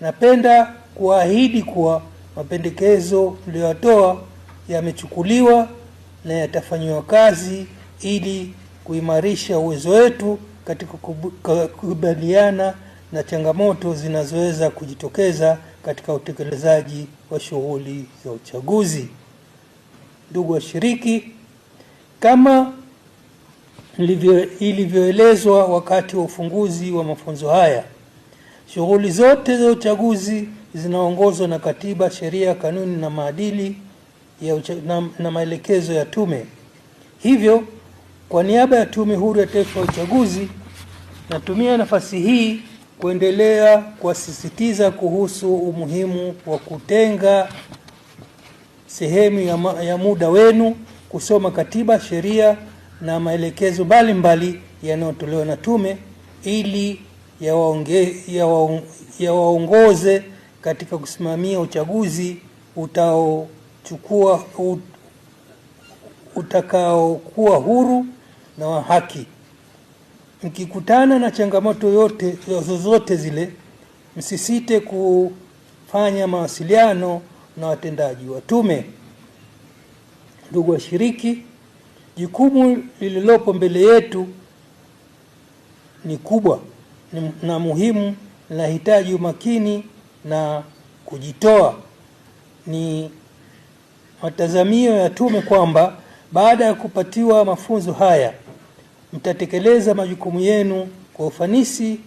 Napenda kuahidi kuwa mapendekezo tuliyotoa yamechukuliwa na yatafanyiwa kazi ili kuimarisha uwezo wetu katika kukabiliana na changamoto zinazoweza kujitokeza katika utekelezaji wa shughuli za uchaguzi. Ndugu washiriki, kama ilivyoelezwa wakati wa ufunguzi wa mafunzo haya Shughuli zote za uchaguzi zinaongozwa na katiba, sheria, kanuni na maadili ya ucha, na, na maelekezo ya tume. Hivyo, kwa niaba ya Tume Huru ya Taifa ya Uchaguzi, natumia nafasi hii kuendelea kuwasisitiza kuhusu umuhimu wa kutenga sehemu ya, ya muda wenu kusoma katiba, sheria na maelekezo mbalimbali yanayotolewa na tume ili yawaongoze ya katika kusimamia uchaguzi utaochukua ut, utakaokuwa huru na wa haki. Mkikutana na changamoto yote zozote zile, msisite kufanya mawasiliano na watendaji wa tume. Ndugu washiriki, jukumu lililopo mbele yetu ni kubwa na muhimu, linahitaji umakini na kujitoa. Ni matazamio ya tume kwamba baada ya kupatiwa mafunzo haya mtatekeleza majukumu yenu kwa ufanisi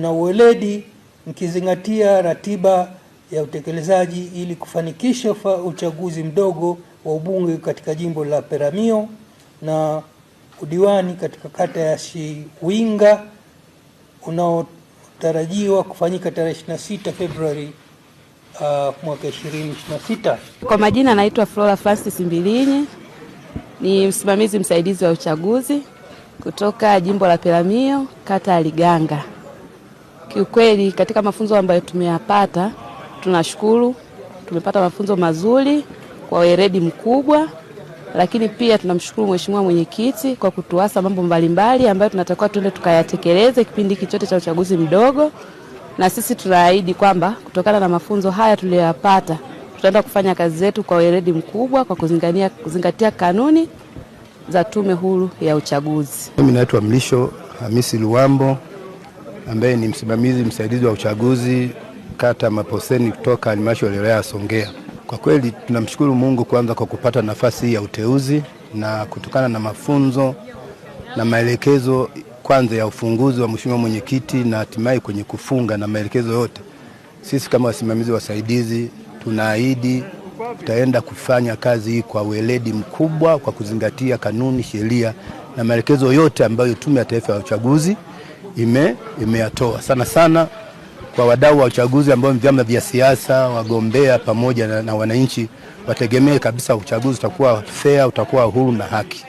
na uweledi, mkizingatia ratiba ya utekelezaji ili kufanikisha uchaguzi mdogo wa ubunge katika jimbo la Peramiho na udiwani katika kata ya Shiwinga unaotarajiwa kufanyika tarehe 26 Februari uh, mwaka 2026. Kwa majina naitwa Flora Francis Mbilinyi, ni msimamizi msaidizi wa uchaguzi kutoka jimbo la Peramiho, kata ya Liganga. Kiukweli katika mafunzo ambayo tumeyapata tunashukuru, tumepata mafunzo mazuri kwa weledi mkubwa lakini pia tunamshukuru Mheshimiwa Mwenyekiti kwa kutuasa mambo mbalimbali ambayo tunatakiwa tuende tukayatekeleze kipindi hiki chote cha uchaguzi mdogo, na sisi tunaahidi kwamba kutokana na mafunzo haya tuliyoyapata tutaenda kufanya kazi zetu kwa weledi mkubwa kwa kuzingania, kuzingatia kanuni za Tume Huru ya Uchaguzi. Mimi naitwa Mlisho Hamisi Luambo ambaye ni msimamizi msaidizi wa uchaguzi kata Maposeni kutoka halmashauri ya ya Songea. Kwa kweli tunamshukuru Mungu kwanza kwa kupata nafasi hii ya uteuzi na kutokana na mafunzo na maelekezo kwanza ya ufunguzi wa mheshimiwa mwenyekiti na hatimaye kwenye kufunga na maelekezo yote, sisi kama wasimamizi wasaidizi tunaahidi tutaenda kufanya kazi hii kwa weledi mkubwa kwa kuzingatia kanuni, sheria na maelekezo yote ambayo Tume ya Taifa ya Uchaguzi imeyatoa ime sana sana kwa wadau wa uchaguzi ambao ni vyama vya siasa, wagombea pamoja na, na wananchi wategemee kabisa uchaguzi utakuwa fair, utakuwa huru na haki.